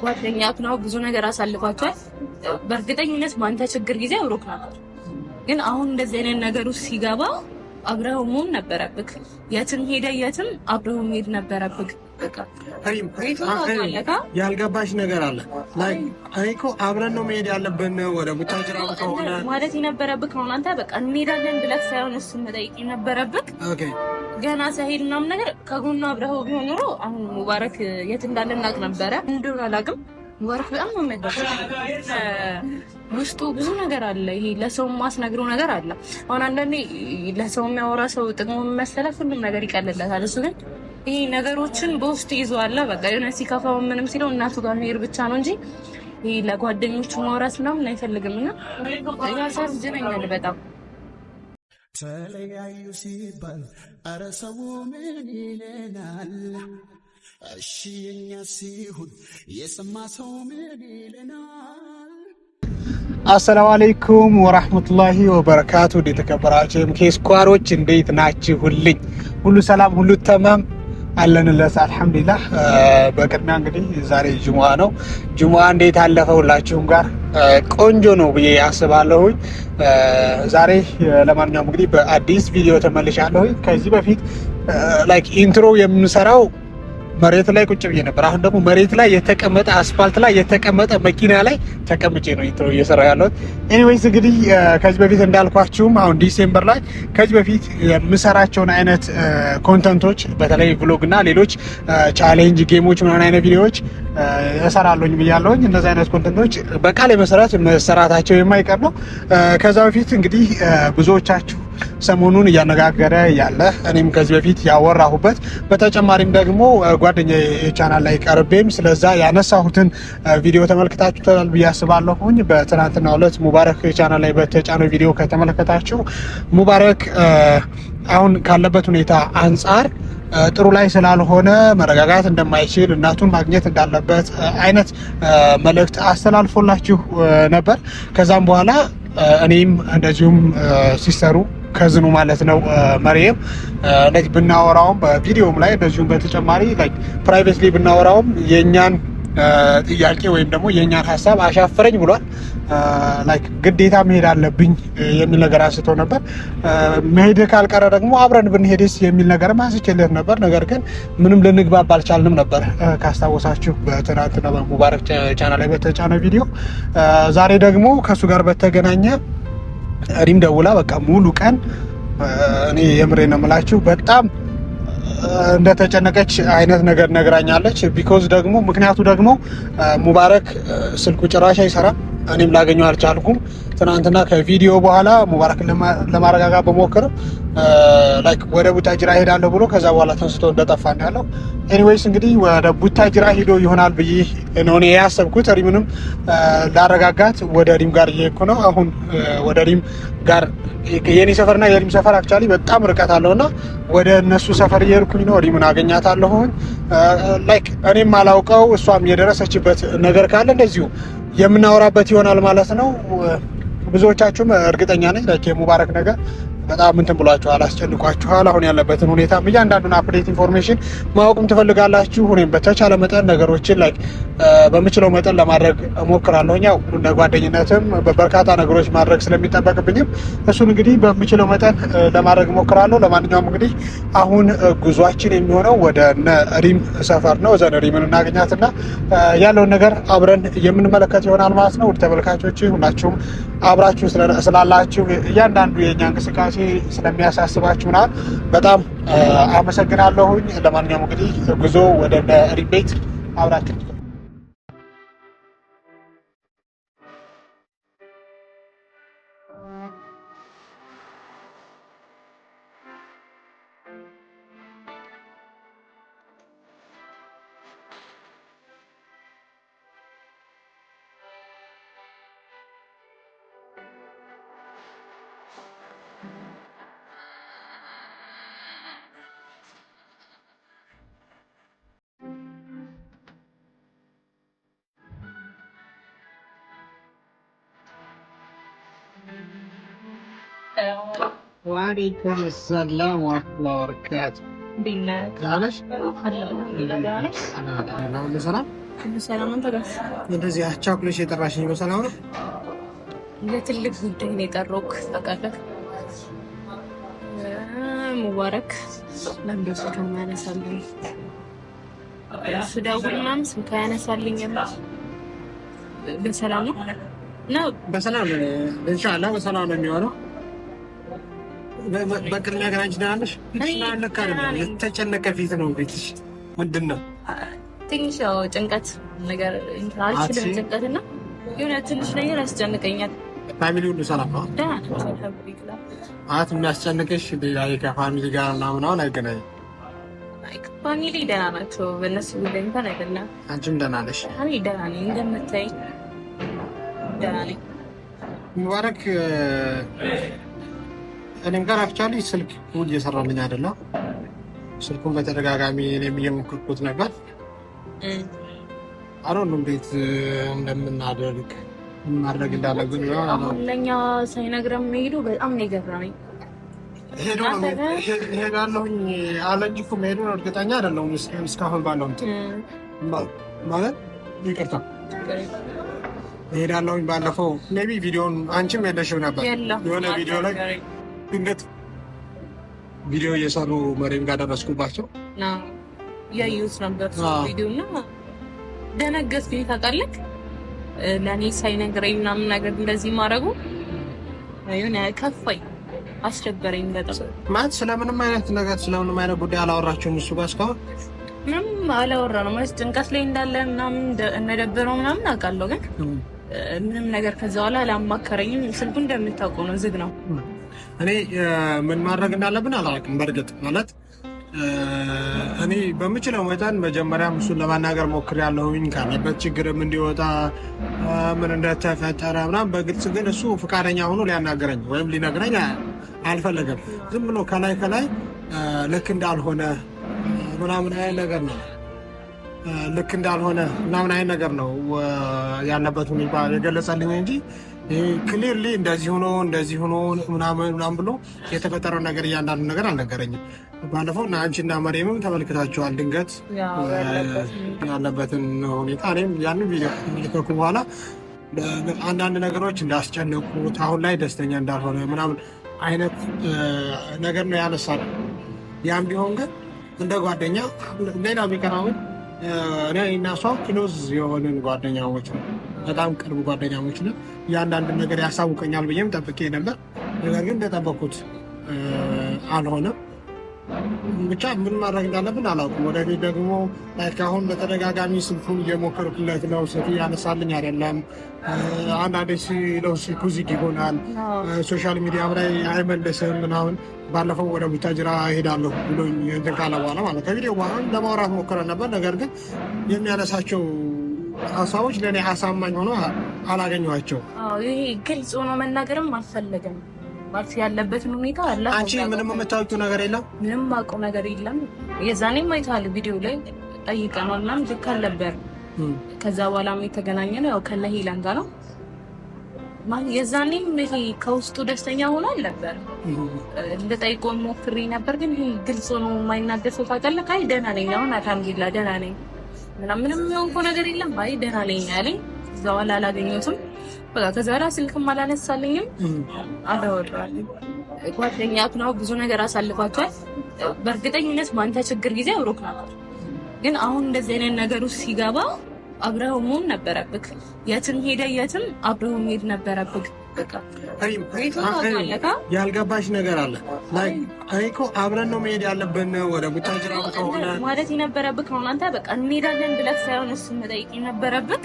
ጓደኛክ ነው፣ ብዙ ነገር አሳልፋችኋል። በእርግጠኝነት በአንተ ችግር ጊዜ አብሮክ ነበር። ግን አሁን እንደዚህ አይነት ነገር ውስጥ ሲገባ አብረኸው መሆን ነበረብክ። የትም ሄደ የትም አብረኸው መሄድ ነበረብክ። ያልገባሽ ነገር አለ እኮ አብረን ነው መሄድ ያለብን። ወደ ቡታጅራ ከሆነ ማለት የነበረብክ ነው አንተ በቃ እንሄዳለን ብለህ ሳይሆን እሱን መጠየቅ የነበረብክ ገና ሳሄድ ምናምን ነገር ከጎኑ አብረኸው ቢሆን ኖሮ አሁን ሙባረክ የት እንዳለ እናቅ ነበረ። እንደሆነ አላውቅም። ሙባረክ በጣም ነው የሚያደርገው። ውስጡ ብዙ ነገር አለ። ይሄ ለሰው ማስነግረው ነገር አለ። አሁን አንዳንዴ ለሰው የሚያወራ ሰው ጥቅሙ መሰለህ ሁሉም ነገር ይቀልለታል። እሱ ግን ይሄ ነገሮችን በውስጡ ይዟል። በቃ የሆነ ሲከፋው ምንም ሲለው እናቱ ጋር መሄድ ብቻ ነው እንጂ ይሄ ለጓደኞቹ ማውራት ምናምን አይፈልግም እና ያሳዝነኛል በጣም ተለያዩ ሲባል አረ ሰው ምን ይለናል? እሺ የኛ ሲሆን የሰማ ሰው ምን ይለናል? አሰላሙ አለይኩም ወራህመቱላሂ ወበረካቱ። የተከበራችሁ የምኬ ስኳሮች እንዴት ናችሁልኝ? ሁሉ ሰላም፣ ሁሉ ተማም አለንለት አልሐምዱሊላህ። በቅድሚያ እንግዲህ ዛሬ ጅሙዓ ነው። ጅሙዓ እንዴት አለፈ? ሁላችሁም ጋር ቆንጆ ነው ብዬ አስባለሁኝ። ዛሬ ለማንኛውም እንግዲህ በአዲስ ቪዲዮ ተመልሻለሁኝ። ከዚህ በፊት ላይክ ኢንትሮ የምሰራው መሬት ላይ ቁጭ ብዬ ነበር። አሁን ደግሞ መሬት ላይ የተቀመጠ አስፋልት ላይ የተቀመጠ መኪና ላይ ተቀምጬ ነው ኢንትሮ እየሰራ ያለሁት። ኤኒዌይስ እንግዲህ ከዚህ በፊት እንዳልኳችሁም አሁን ዲሴምበር ላይ ከዚህ በፊት የምሰራቸውን አይነት ኮንተንቶች በተለይ ቭሎግ እና ሌሎች ቻሌንጅ ጌሞች ምን አይነት ቪዲዮዎች እሰራለሁኝ ብያለሁኝ። እነዚህ አይነት ኮንተንቶች በቃል መሰራት መሰራታቸው የማይቀር ነው። ከዛ በፊት እንግዲህ ብዙዎቻችሁ ሰሞኑን እያነጋገረ ያለ እኔም ከዚህ በፊት ያወራሁበት በተጨማሪም ደግሞ ጓደኛ ቻናል ላይ ቀርቤም ስለዛ ያነሳሁትን ቪዲዮ ተመልክታችሁታል ብዬ አስባለሁኝ። በትናንትናው ዕለት ሙባረክ ቻናል ላይ በተጫነው ቪዲዮ ከተመለከታችሁ ሙባረክ አሁን ካለበት ሁኔታ አንጻር ጥሩ ላይ ስላልሆነ መረጋጋት እንደማይችል እናቱን ማግኘት እንዳለበት አይነት መልእክት አስተላልፎላችሁ ነበር። ከዛም በኋላ እኔም እንደዚሁም ሲሰሩ ከዝኑ ማለት ነው። መሪም እንደዚህ ብናወራውም በቪዲዮም ላይ እንደዚሁም በተጨማሪ ፕራይቬት ላይ ብናወራውም የእኛን ጥያቄ ወይም ደግሞ የእኛን ሀሳብ አሻፈረኝ ብሏል። ላይክ ግዴታ መሄድ አለብኝ የሚል ነገር አንስቶ ነበር። መሄድ ካልቀረ ደግሞ አብረን ብንሄድስ የሚል ነገር አንስቼለት ነበር። ነገር ግን ምንም ልንግባባ አልቻልንም ነበር ካስታወሳችሁ በትናንትና በሙባረክ ቻና ላይ በተጫነ ቪዲዮ። ዛሬ ደግሞ ከእሱ ጋር በተገናኘ ሪም ደውላ በቃ ሙሉ ቀን እኔ የምሬ ነው የምላችሁ በጣም እንደተጨነቀች አይነት ነገር ነግራኛለች። ቢኮዝ ደግሞ ምክንያቱ ደግሞ ሙባረክ ስልኩ ጭራሽ አይሰራም፣ እኔም ላገኘው አልቻልኩም። ትናንትና ከቪዲዮ በኋላ ሙባረክን ለማረጋጋት በሞክርም ላይክ ወደ ቡታጅራ ሄዳለሁ ብሎ ከዛ በኋላ ተንስቶ እንደጠፋ እንዳለው። ኤኒዌይስ እንግዲህ ወደ ቡታጅራ ሄዶ ይሆናል ብዬ ነው እኔ ያሰብኩት። ሪምንም ላረጋጋት ወደ ሪም ጋር እየሄድኩ ነው አሁን። ወደ ሪም ጋር የኔ ሰፈርና የሪም ሰፈር አክቹዋሊ በጣም ርቀት እና ወደ እነሱ ሰፈር እየሄድኩኝ ነው። ሪምን አገኛታለሁኝ። ላይክ እኔም አላውቀው እሷም የደረሰችበት ነገር ካለ እንደዚሁ የምናወራበት ይሆናል ማለት ነው። ብዙዎቻችሁም እርግጠኛ ነኝ ላይክ የሙባረክ ነገር በጣም እንትን ብሏችኋል፣ አስጨንቋችኋል። አሁን ያለበትን ሁኔታ እያንዳንዱን አፕዴት ኢንፎርሜሽን ማወቅም ትፈልጋላችሁ። እኔም በተቻለ መጠን ነገሮችን ላይ በምችለው መጠን ለማድረግ እሞክራለሁ። ያው እንደ ጓደኝነትም በርካታ ነገሮች ማድረግ ስለሚጠበቅብኝም እሱን እንግዲህ በምችለው መጠን ለማድረግ እሞክራለሁ። ለማንኛውም እንግዲህ አሁን ጉዟችን የሚሆነው ወደ ነሪም ሰፈር ነው። እዛ እናገኛት እና ያለውን ነገር አብረን የምንመለከት ይሆናል ማለት ነው። ውድ ተመልካቾች ሁላችሁም አብራችሁ ስላላችሁ እያንዳንዱ የእኛ እንቅስቃሴ ስለሚያሳስባችሁ ና በጣም አመሰግናለሁኝ። ለማንኛውም እንግዲህ ጉዞ ወደ ሪቤት አብራችን ዋሌኩም ሰላም ወረህመቱላሂ ወበረካቱህ። እንዴት እንደዚህ አቻኩለሽ የጠራሽኝ በሰላም ነው? ለትልቅ ጉዳይ ነው የጠራሁህ። ታውቃለህ፣ ሙባረክ ለምደሱ ከማያነሳልኝ እሱ ደውል ምናምን ስልክ አያነሳልኝም። በሰላም ነው በሰላም ኢንሻላህ በሰላም ነው የሚሆነው በቅድሚያ ገና አንቺ ደህና ነሽ? የተጨነቀ ፊት ነው። ቤትሽ ምንድን ነው? ትንሽ ያው ጭንቀት ነገር አልችልም። ጭንቀትና የሆነ ትንሽ ነገር ያስጨንቀኛል። ፋሚሊ ሁሉ ሰላም ነው? አት የሚያስጨንቅሽ ሌላ ከፋሚሊ ጋር እና ምናምን አይገናኝም። ፋሚሊ ደህና ናቸው። በእነሱ ጉዳይ እንኳን አይደለም። አንቺም ደህና ነሽ? እኔ ደህና ነኝ፣ እንደምታይ ደህና ነኝ። ሙባረክ እኔም ጋር አክቹዋሊ ስልክ ውል እየሰራልኝ አይደለም። ስልኩን በተደጋጋሚ እኔም እየሞክርኩት ነበር። አሮን እንዴት እንደምናደርግ ማድረግ እንዳለብን አሁን ለእኛ ሳይነግረን መሄዱ በጣም ነው የገረመኝ። ሄዳለሁኝ አለኝ እኮ መሄዱን እርግጠኛ አይደለሁም እስካሁን ባለው ማለት ይቅርታ ሄዳለሁኝ። ባለፈው ሜይ ቢ ቪዲዮን አንቺም የለሽም ነበር የሆነ ቪዲዮ ላይ ድንገት ቪዲዮ እየሰሩ መሬም ጋር ደረስኩባቸው። ያዩት ነበር ቪዲዮ እና ደነገጥኩኝ። ታውቃለህ ለእኔ ሳይነግረኝ ምናምን ነገር እንደዚህ ማድረጉ የሆነ ከፋኝ፣ አስቸገረኝ በጣም ማለት ስለምንም አይነት ነገር ስለምንም አይነት ጉዳይ አላወራችሁም እሱ ጋር እስካሁን? ምንም ነው ማለት ጭንቀት ላይ እንዳለ ምናምን እንደደበረው ምናምን አውቃለሁ፣ ግን ምንም ነገር ከዛ በኋላ አላማከረኝም። ስልኩ እንደምታውቀው ነው ዝግ ነው። እኔ ምን ማድረግ እንዳለብን አላውቅም። በእርግጥ ማለት እኔ በምችለው መጠን መጀመሪያም እሱን ለማናገር ሞክር ያለሁኝ ካለበት ችግርም እንዲወጣ ምን እንደተፈጠረ ምናምን በግልጽ ግን እሱ ፈቃደኛ ሆኖ ሊያናገረኝ ወይም ሊነግረኝ አልፈለገም። ዝም ብሎ ከላይ ከላይ ልክ እንዳልሆነ ምናምን አይ ነገር ነው ልክ እንዳልሆነ ምናምን አይ ነገር ነው ያለበት ሁኔታ የገለጸልኝ እንጂ ክሊርሊ እንደዚህ ሆኖ እንደዚህ ሆኖ ምናምን ብሎ የተፈጠረው ነገር እያንዳንዱ ነገር አልነገረኝም። ባለፈው አንቺ እና መሬምም ተመልክታችኋል። ድንገት ያለበትን ሁኔታ እኔም ያን ቪዲዮ በኋላ አንዳንድ ነገሮች እንዳስጨነቁት አሁን ላይ ደስተኛ እንዳልሆነ ምናምን አይነት ነገር ነው ያነሳል። ያም ቢሆን ግን እንደ ጓደኛ ሌላ ቢቀራውን እኔ እና እሷ ክሎዝ የሆንን ጓደኛዎች ነው በጣም ቅርብ ጓደኛሞች ነን። እያንዳንድ ነገር ያሳውቀኛል ብዬም ጠብቄ ነበር። ነገር ግን እንደጠበኩት አልሆነም። ብቻ ምን ማድረግ እንዳለብን አላውቅም። ወደፊት ደግሞ አሁን በተደጋጋሚ ስልኩን እየሞከርኩለት ነው። ስልኩ ያነሳልኝ አይደለም። አንዳንዴ ሲለው ስልኩ ዝግ ይሆናል፣ ሶሻል ሚዲያም ላይ አይመለስም ምናምን። ባለፈው ወደ ቡታጅራ እሄዳለሁ ብሎ እንትን ካለ በኋላ ማለት ከቪዲዮ በኋላ ለማውራት ሞክረን ነበር። ነገር ግን የሚያነሳቸው ሀሳቦች ለእኔ አሳማኝ ሆኖ አላገኘኋቸው። ይሄ ግልጽ ሆኖ መናገርም አልፈለገም። ማለት ያለበትን ሁኔታ አለ። አንቺ ምንም የምታወቂው ነገር የለም? ምንም አውቀው ነገር የለም። የዛኔም አይተሃል ቪዲዮ ላይ ጠይቀነዋል ምናምን ልክ አልነበር። ከዛ በኋላም የተገናኘነው ያው ከነ ሄለን ጋር ነው። የዛኔም ይሄ ከውስጡ ደስተኛ ሆኖ አልነበረም። ልጠይቆን ሞክሬ ነበር፣ ግን ይሄ ግልጽ ሆኖ የማይናገር ሰው ታውቃለህ? አይ ደህና ነኝ አሁን አልሐምዱሊላህ ደህና ነኝ ምንም የሆንኩ ነገር የለም። አይ ደህና ነኝ እዛ በኋላ አላገኘሁትም። በቃ ከዛ በኋላ ስልክም አላነሳልኝም፣ አላወራልኝ። ጓደኛት ነው ብዙ ነገር አሳልፏቸዋል። በእርግጠኝነት በአንተ ችግር ጊዜ አብሮክ ነበር፣ ግን አሁን እንደዚህ አይነት ነገር ውስጥ ሲገባ አብረኸው መሆን ነበረብክ። የትም ሄደ የትም አብረኸው መሄድ ነበረብክ። ያልገባሽ ነገር አለ። እኔ እኮ አብረን ነው መሄድ ያለብን ወደ ቡታጅራ ከሆነ ማለት የነበረብክ ነው። አንተ በቃ እንሄዳለን ብለህ ሳይሆን እሱ መጠየቅ የነበረብክ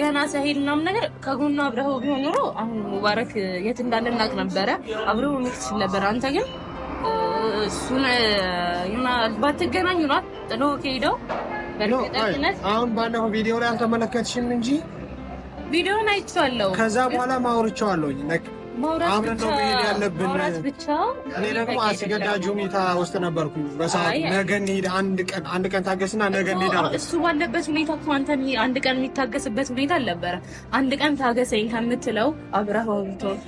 ገና ሳሄድ ምናምን ነገር ከጎኑ አብረው ቢሆን ኑሮ አሁን ሙባረክ የት እንዳለ እናቅ ነበረ። አብረው ሆኖ ትችል ነበር። አንተ ግን እሱን ባትገናኙ ናት ጥሎ ከሄደው በእርግጠኝነት አሁን ባለፈው ቪዲዮ ላይ አልተመለከትሽም እንጂ ቪዲዮን አይቼዋለሁ። ከዛ በኋላ ማውርቼዋለሁኝ አብረን ነው መሄድ ያለብን። እኔ ደግሞ አስገዳጅ ሁኔታ ውስጥ ነበርኩ። በሰዓት ነገ እንሂድ፣ አንድ ቀን ታገስና ነገ እንሂድ አለ። እሱ ባለበት ሁኔታ እኮ አንተ አንድ ቀን የሚታገስበት ሁኔታ አልነበረ። አንድ ቀን ታገሰኝ ከምትለው አብረኸው ብትሆን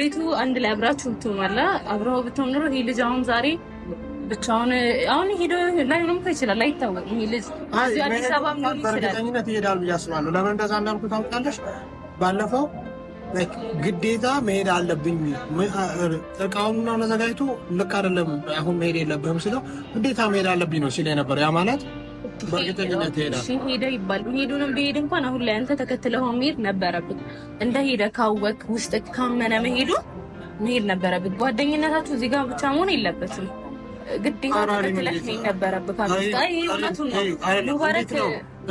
ቤቱ አንድ ላይ አብራችሁ ብትሆን አለ አብረኸው ብትሆን ኑሮ ይህ ልጅ አሁን ዛሬ ብቻ አሁን አሁን ሄዶ ላይሆንም ይችላል፣ አይታወቅም። ይሄ ልጅ አዲስ አበባ ሆን በእርግጠኝነት ይሄዳል ብዬ አስባለሁ። ለምን እንደዛ እንዳልኩ ታውቃለሽ፣ ባለፈው ግዴታ መሄድ አለብኝ እቃውና ተዘጋጅቶ ልክ አይደለም አሁን መሄድ የለብህም ስለው ግዴታ መሄድ አለብኝ ነው ሲል ነበር። ያ ማለት በእርግጠኝነት ይሄዳል ሄደ ይባል ሄዱንም ብሄድ እንኳን አሁን ላይ አንተ ተከትለው መሄድ ነበረብን። እንደ ሄደ ካወቅ ውስጥ ካመነ መሄዱ መሄድ ነበረብን። ጓደኝነታችሁ እዚህ ጋር ብቻ መሆን የለበትም።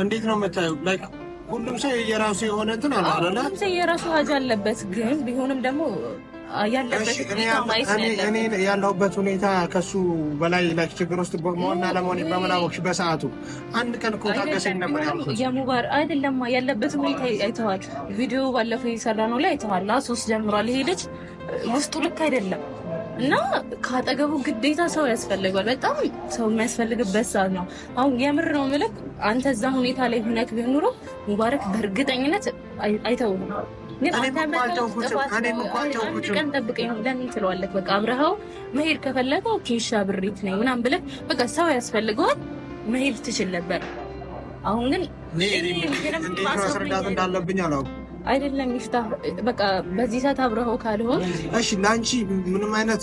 እንዴት ነው የምታየው? ሁሉም ሰው የራሱ የሆነ እንትን አለ አይደለ? ሁሉም ሰው የራሱ ሀጅ አለበት። ግን ቢሆንም ደግሞ ያለበት እኔ ያለሁበት ሁኔታ ከሱ በላይ ላይ ችግር ውስጥ መሆንና ለመሆን በመላወቅሽ በሰዓቱ አንድ ቀን እኮ ታገሰኝ ነበር ያልኩት። የሙባር አይደለማ ያለበት ሁኔታ አይተዋል። ቪዲዮ ባለፈው የሰራ ነው ላይ አይተዋል። ሶስት ጀምሯል። ሄደች ውስጡ ልክ አይደለም እና ከአጠገቡ ግዴታ ሰው ያስፈልገዋል። በጣም ሰው የሚያስፈልግበት ሰዓት ነው። አሁን የምር ነው ምልክ አንተ እዛ ሁኔታ ላይ ሁነክ ቢሆን ኑሮ ሙባረክ በእርግጠኝነት አይተው ነው ቀን ጠብቀኝ ለምን ትለዋለህ? በቃ አብረኸው መሄድ ከፈለገው ኬሻ ብሪት ነኝ ምናምን ብለህ በቃ ሰው ያስፈልገዋል መሄድ ትችል ነበር። አሁን ግን ማስረዳት እንዳለብኝ አላውቅም አይደለም ይፍታ፣ በቃ በዚህ ሰዓት አብረኸው ካልሆን እሺ። ለአንቺ ምንም አይነት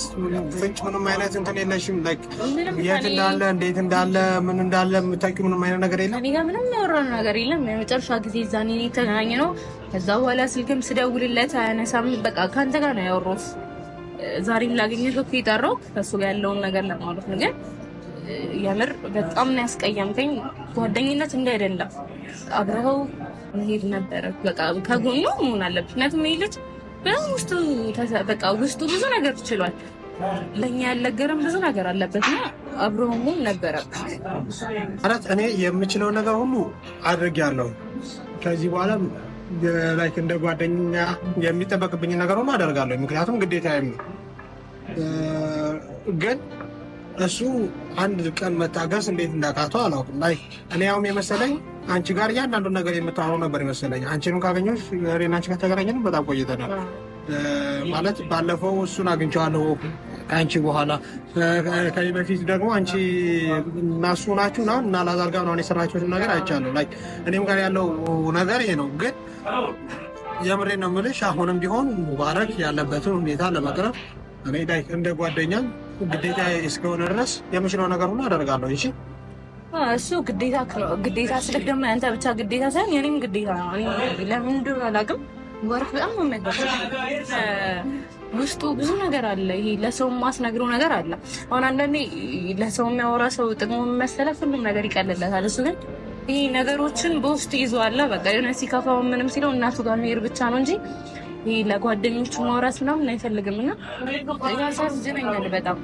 ፍንጭ ምንም አይነት እንትን የለሽም? ላይክ የት እንዳለ እንዴት እንዳለ ምን እንዳለ የምታውቂው ምንም አይነት ነገር የለም? እኔ ጋር ምንም ያወራነው ነገር የለም። የመጨረሻ ጊዜ እዛ እዛኔ የተገናኘ ነው። ከዛ በኋላ ስልክም ስደውልለት አያነሳም። በቃ ከአንተ ጋር ነው ያወራሁት። ዛሬም ላገኘህ እኮ የጠራው ከሱ ጋር ያለውን ነገር ለማለት ነው። ግን የምር በጣም ነው ያስቀየምከኝ። ጓደኝነት እንዳይደለም አብረኸው መሄድ ነበረ። በቃ ከጎኑ መሆን አለብሽ። ምክንያቱም ይህ ልጅ በውስጡ በቃ ውስጡ ብዙ ነገር ትችሏል። ለእኛ ያልነገረም ብዙ ነገር አለበት እና አብሮ መሆን ነበረ። አራት እኔ የምችለው ነገር ሁሉ አድርጌያለሁ። ከዚህ በኋላ ላይክ እንደ ጓደኛ የሚጠበቅብኝ ነገር ሁሉ አደርጋለሁ። ምክንያቱም ግዴታ ነው። ግን እሱ አንድ ቀን መታገስ እንዴት እንዳቃተው አላውቅም። ላይ እኔ ያውም የመሰለኝ አንቺ ጋር እያንዳንዱ ነገር የምታወራው ነበር ይመስለኝ። አንቺንም ካገኘሁሽ ሬን አንቺ ከተገናኘን በጣም ቆይተናል። ማለት ባለፈው እሱን አግኝቼዋለሁ ከአንቺ በኋላ ከዚህ በፊት ደግሞ አንቺ እና እሱ ናችሁ ና እና ላዛር ጋር ምናምን የሰራችሁት ነገር አይቻለሁ። ላይክ እኔም ጋር ያለው ነገር ይሄ ነው። ግን የምሬ ነው የምልሽ አሁንም ቢሆን ሙባረክ ያለበትን ሁኔታ ለመቅረብ እኔ እንደ ጓደኛም ግዴታ እስከሆነ ድረስ የምችለው ነገር ሁሉ አደርጋለሁ። እንሺ እሱ ግዴታ ግዴታ ስልክ ደግሞ ያንተ ብቻ ግዴታ ሳይሆን የኔም ግዴታ ነው። ለምን እንደሆነ አላውቅም። ወራፍ በጣም ነው የሚያጓጓው። ውስጡ ብዙ ነገር አለ። ይሄ ለሰው ማስነግረው ነገር አለ። አሁን አንዳንዴ ለሰው የሚያወራ ሰው ጥቅሙ መሰለህ ሁሉም ነገር ይቀልለታል። እሱ ግን ይሄ ነገሮችን በውስጡ አለ። በቃ የሆነ ሲከፋው ምንም ሲለው እናቱ ጋር መሄድ ብቻ ነው እንጂ ይሄ ለጓደኞቹ ማውራት ምናምን አይፈልግም እና ያሳዝነኛል በጣም